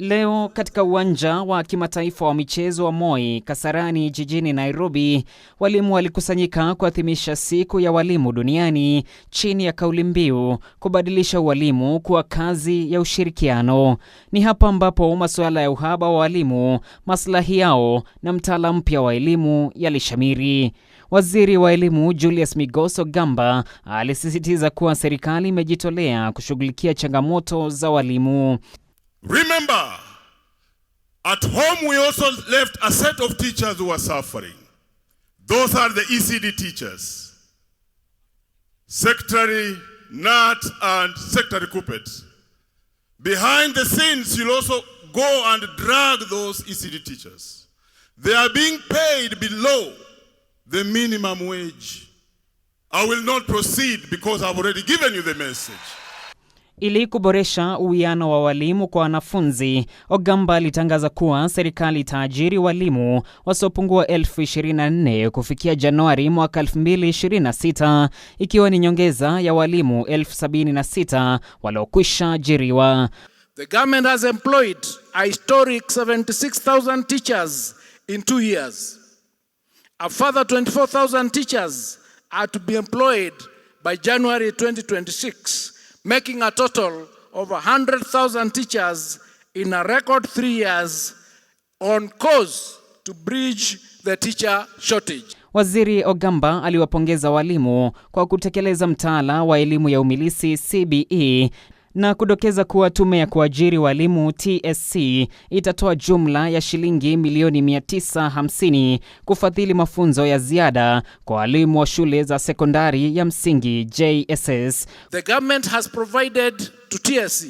Leo katika uwanja wa kimataifa wa michezo wa Moi Kasarani jijini Nairobi, walimu walikusanyika kuadhimisha siku ya walimu duniani chini ya kauli mbiu kubadilisha ualimu kuwa kazi ya ushirikiano. Ni hapa ambapo masuala ya uhaba wa walimu, maslahi yao na mtaala mpya wa elimu yalishamiri. Waziri wa Elimu Julius Migoso Gamba alisisitiza kuwa serikali imejitolea kushughulikia changamoto za walimu. Remember, at home we also left a set of teachers who were suffering. Those are the ECD teachers. Secretary Nat and Secretary Coopet. Behind the scenes, you'll also go and drag those ECD teachers. They are being paid below the minimum wage. I will not proceed because I've already given you the message. Ili kuboresha uwiano wa walimu kwa wanafunzi, Ogamba alitangaza kuwa serikali itaajiri walimu wasiopungua elfu 24 kufikia Januari mwaka 2026, ikiwa ni nyongeza ya walimu elfu 76 waliokwisha ajiriwa. The government has employed a historic 76,000 teachers in two years. A further 24,000 teachers are to be employed by January 2026 making a total of 100,000 teachers in a record three years on course to bridge the teacher shortage. Waziri Ogamba aliwapongeza walimu kwa kutekeleza mtaala wa elimu ya umilisi CBE na kudokeza kuwa tume ya kuajiri walimu TSC itatoa jumla ya shilingi milioni 950 kufadhili mafunzo ya ziada kwa walimu wa shule za sekondari ya msingi JSS. The government has provided to TSC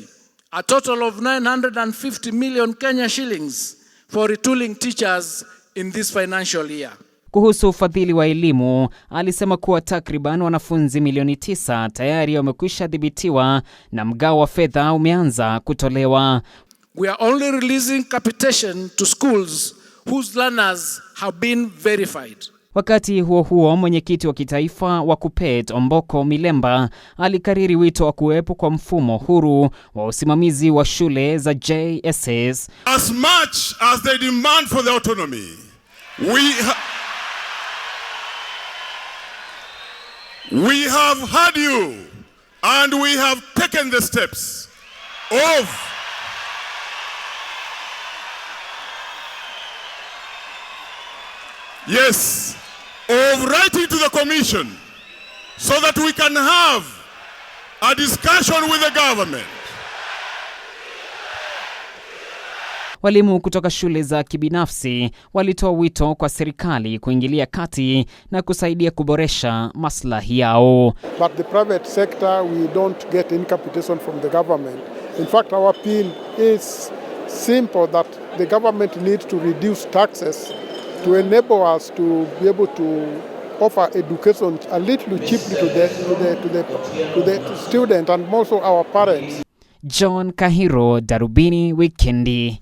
a total of 950 million Kenya shillings for retooling teachers in this financial year. Kuhusu ufadhili wa elimu, alisema kuwa takriban wanafunzi milioni tisa tayari wamekwisha dhibitiwa na mgao wa fedha umeanza kutolewa. We are only releasing capitation to schools whose learners have been verified. Wakati huo huo, mwenyekiti wa kitaifa wa KUPPET Omboko Milemba alikariri wito wa kuwepo kwa mfumo huru wa usimamizi wa shule za JSS. As much as they demand for the autonomy, we We have heard you and we have taken the steps of yes of writing to the commission so that we can have a discussion with the government Walimu kutoka shule za kibinafsi walitoa wito kwa serikali kuingilia kati na kusaidia kuboresha maslahi yao. But the private sector we don't get from the government. In fact, our appeal is simple that the government to reduce taxes to enable us to be able to offer education a little cheaply to the, to the, to the, to the student and also our parents. John Kahiro, Darubini Wikendi.